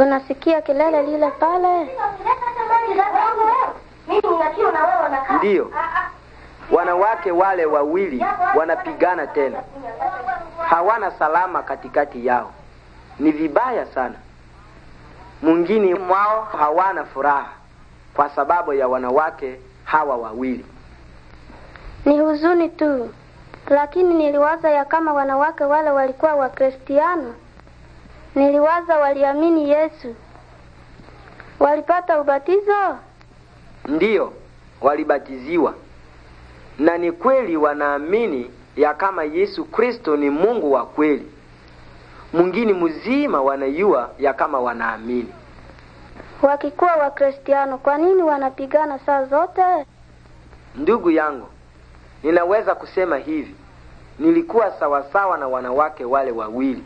Unasikia kelele lile pale? Ndiyo, wanawake wale wawili wanapigana tena, hawana salama katikati yao. Ni vibaya sana. Mwingine mwao hawana furaha kwa sababu ya wanawake hawa wawili. Ni huzuni tu, lakini niliwaza ya kama wanawake wale walikuwa Wakristiano Niliwaza waliamini Yesu. Walipata ubatizo? Ndiyo, walibatiziwa. Na ni kweli wanaamini ya kama Yesu Kristo ni Mungu wa kweli. Mwingine mzima wanayua ya kama wanaamini. Wakikuwa Wakristiano, kwa nini wanapigana saa zote? Ndugu yangu, ninaweza kusema hivi. Nilikuwa sawasawa na wanawake wale wawili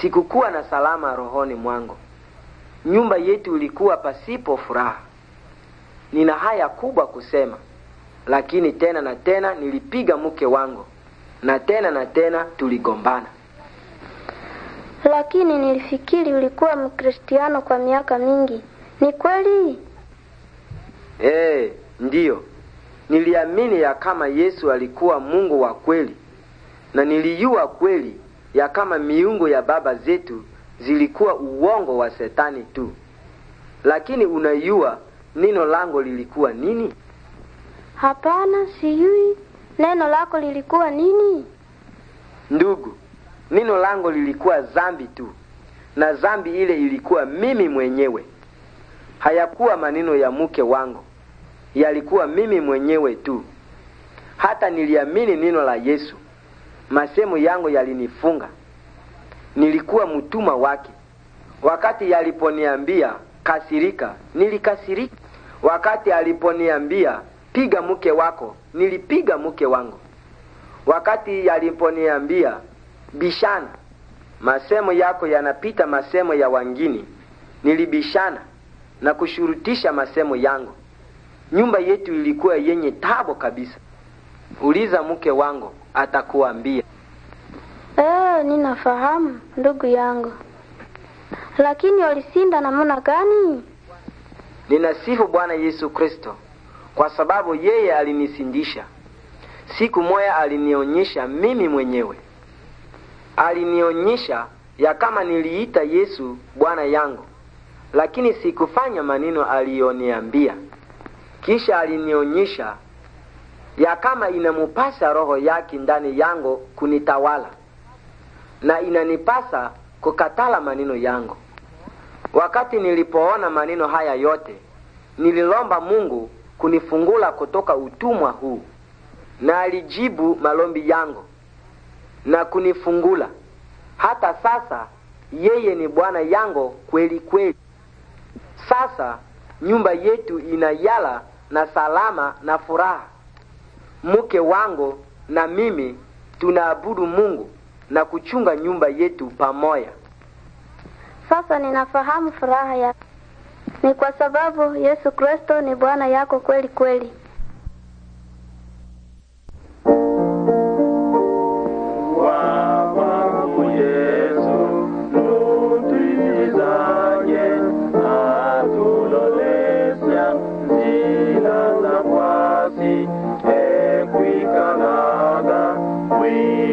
sikukuwa na salama rohoni mwangu. Nyumba yetu ilikuwa pasipo furaha. Nina haya kubwa kusema, lakini tena na tena nilipiga mke wangu na tena na tena tuligombana. Lakini nilifikiri ulikuwa Mkristiano kwa miaka mingi. Ni kweli? hey, eh, ndiyo. Niliamini ya kama Yesu alikuwa Mungu wa kweli na nilijua kweli ya kama miungu ya baba zetu zilikuwa uongo wa setani tu. Lakini unajua neno lango lilikuwa nini? Hapana, sijui neno lako lilikuwa nini? Ndugu, neno lango lilikuwa zambi tu, na zambi ile ilikuwa mimi mwenyewe. Hayakuwa maneno ya mke wangu, yalikuwa mimi mwenyewe tu. Hata niliamini neno la Yesu masemo yangu yalinifunga. Nilikuwa mtuma wake. Wakati yaliponiambia kasirika, nilikasirika. Wakati aliponiambia piga mke wako, nilipiga mke wangu. Wakati yaliponiambia bishana, masemo yako yanapita masemo ya wangini, nilibishana na kushurutisha masemo yangu. Nyumba yetu ilikuwa yenye tabo kabisa uliza mke wangu, atakuambia. Eh, ninafahamu ndugu yangu, lakini walisinda namna gani? Ninasifu Bwana Yesu Kristo kwa sababu yeye alinisindisha. Siku moya alinionyesha mimi mwenyewe, alinionyesha ya kama niliita Yesu Bwana yangu, lakini sikufanya maneno aliyoniambia. Kisha alinionyesha ya kama inamupasa roho yake ndani yangu kunitawala na inanipasa kukatala maneno yangu. Wakati nilipoona maneno haya yote, nililomba Mungu kunifungula kutoka utumwa huu, na alijibu malombi yangu na kunifungula. Hata sasa yeye ni Bwana yangu kweli kweli. Sasa nyumba yetu inayala na salama na furaha mke wangu na mimi tunaabudu Mungu na kuchunga nyumba yetu pamoja. Sasa ninafahamu furaha yako, ni kwa sababu Yesu Kristo ni Bwana yako kweli kweli.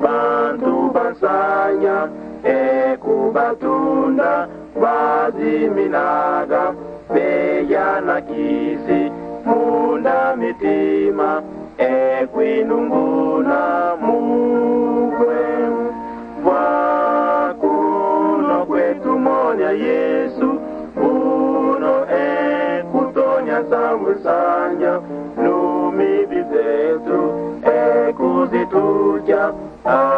bantu basanya ekubatunda baziminaga beyanakisi munda mitima ekwinunguna mukwe bwakuno kwetumonya yesu kuno ekutonya sambusanya lumi up.